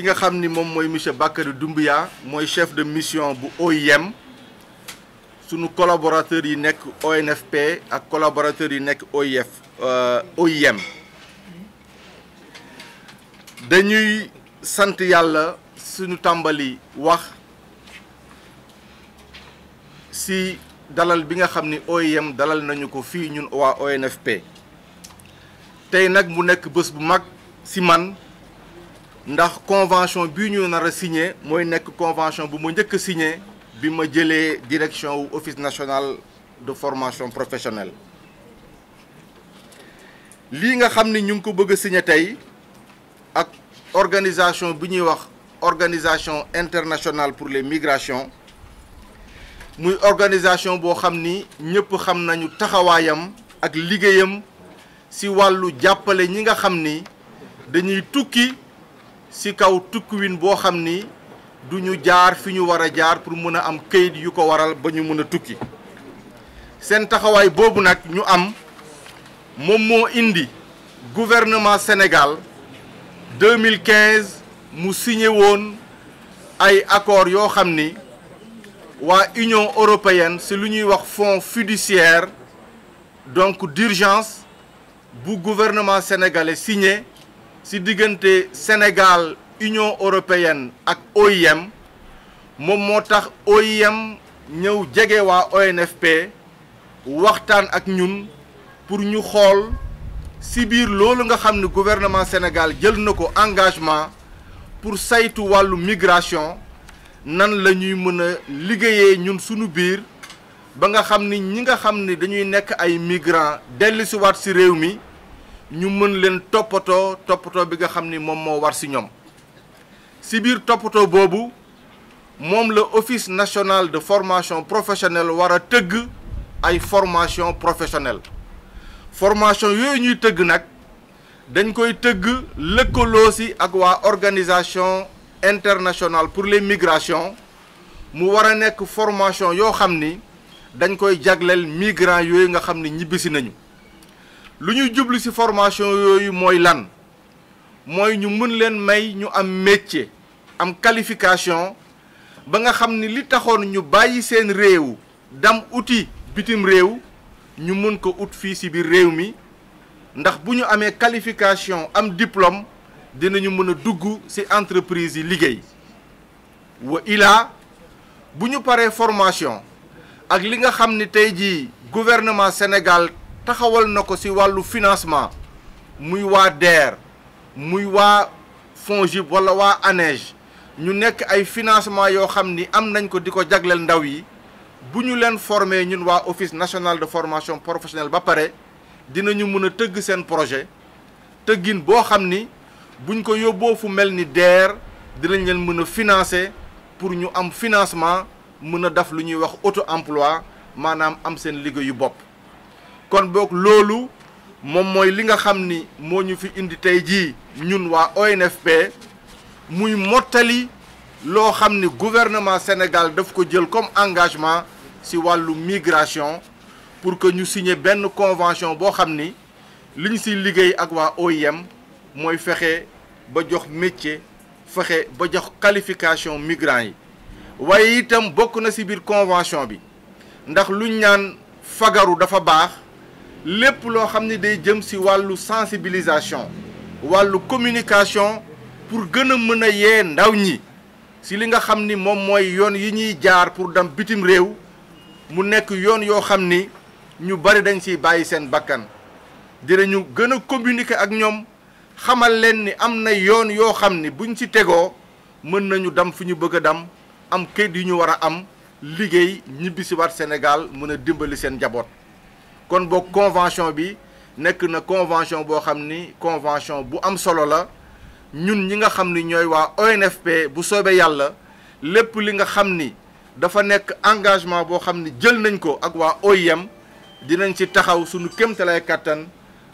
ki nga xam ni moom mooy monsieur Bakary Doumbia mooy chef de mission bu OIM sunu collaborateurs yi nekk ak collaborateurs yi nekk OIF euh, OIM dañuy sant yàlla sunu tàmbali wax si dalal bi nga xam ni OIM dalal nañu ko fii ñun waa ONFP tey nag mu nekk bés bu mag si man ndax convention bi ñu nar a signé mooy nekk convention bu ma njëkk a bi ma jëlee direction wu office national de formation professionnelle lii nga xam ni ñu ngi ko bëgg a tey ak organisation bi ñuy wax organisation internationale pour les migration muy organisation boo xam ni ñëpp xam nañu taxawaayam ak liggéeyam ci wàllu jàppale ñi nga xam ni dañuy tukki si kaw tukkuwin boo xam ni du ñu jaar fi ñu war a jaar pour mun a am kayit yu ko waral ba ñu mun a tukki seen taxawaay boobu nag ñu am moom moo indi gouvernement Sénégal 2015 mu signé woon ay accord yoo xam ni waa Union européenne si lu ñuy wax fonds fiduciaire donc d'urgence bu gouvernement sénégalais signé si diggante Sénégal Union européenne ak OIM moom moo tax OIM ñëw jege waa ONFP waxtaan ak ñun pour ñu xool si biir loolu nga xam ne gouvernement Sénégal jël na ko engagement pour saytu wàllu migration nan la ñuy mën a liggéeyee ñun suñu biir ba nga xam ni ñi nga xam ni dañuy nekk ay migrants dellusiwaat si réew mi. ñu mën leen toppatoo toppatoo bi nga xam ni moom moo war ci ñoom ci biir toppatoo boobu moom la office nationale de formation professionnelle war a tëgg ay formation professionnelle formation yooyu ñuy tëgg nag dañ koy tëgg lëkkaloo ci ak waa organisation internationale pour les migrations mu war a nekk formation yoo xam ni dañ koy jagleel migrants yooyu nga xam ni ñibbisi nañu lu ñu jublu ci formation yooyu mooy lan mooy ñu mën leen may ñu am métier am qualification ba nga xam ni li taxoon ñu bàyyi seen réew dam uti bitim réew ñu mën ko ut fii ci biir réew mi ndax bu ñu amee qualification am diplôme dinañu mën a dugg ci entreprise yi liggéey wa ilaa bu ñu paree formation ak li nga xam ni tey jii gouvernement Sénégal taxawal na ko ci wàllu financement muy waa DER muy waa FONGIP wala waa ANEJ ñu nekk ay financement yoo xam ni am nañ ko di ko jagleel ndaw yi bu ñu leen former ñun waa office nationale de formation professionnelle ba pare dinañu mën a tëgg seen projet tëggin boo xam ni buñ ko yóbboo fu mel ni DER dinañ leen mën a financer pour ñu am financement mën a def lu ñuy wax auto emploi maanaam am seen liggéeyu bopp kon boog loolu moom mooy li nga xam ni moo ñu fi indi tey jii ñun waa ONFP muy mottali loo xam ni gouvernement Sénégal daf ko jël comme engagement ci wàllu migration pour que ñu signee benn convention boo xam ni li ñu ciy liggéey ak waa OIM mooy fexe ba jox métier fexe ba jox qualification migrants yi waaye itam bokk na ci biir convention bi ndax luñ ñaan fagaru dafa baax lépp loo xam ne day jëm ci wàllu sensibilisation wàllu communication pour gën a mën a yee ndaw ñi ci li nga xam ni moom mooy yoon yi ñuy jaar pour dem bitim réew mu nekk yoon yoo xam ni ñu bari dañ ciy bàyyi seen bakkan dinañu gën a communiquer ak ñoom xamal leen ni am na yoon yoo xam ni buñ ci tegoo mën nañu dem fu ñu bëgg a dem am kayit yu ñu war a am liggéey ñibbi waat Sénégal mën a dimbali seen njaboot. kon boog convention bi nekk na convention boo xam ni convention bu am solo la ñun ñi nga xam ni ñooy waa ONFP bu soobee yàlla lépp li nga xam ni dafa nekk engagement boo xam ni jël nañ ko ak waa OIM dinañ ci taxaw suñu kéemtalaay kàttan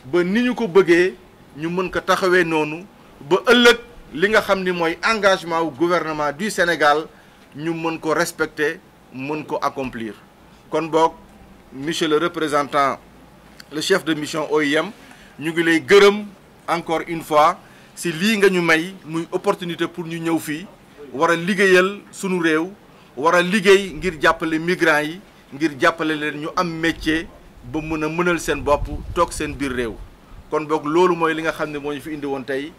ba ni ñu ko bëggee ñu mën ko taxawee noonu ba ëllëg li nga xam ni mooy engagement wu gouvernement du Sénégal ñu mën ko respecter mën ko accomplir kon boog monsieur le représentant le chef de mission OIM ñu ngi lay gërëm encore une fois si lii nga ñu may muy opportunité pour ñu ñëw fii war a liggéeyal sunu réew war liggéey ngir jàppale migrants yi ngir jàppale leen ñu am métier ba mën a mënal seen bopp toog seen biir réew kon boog loolu mooy li nga xam ne moo ñu fi indi woon tey.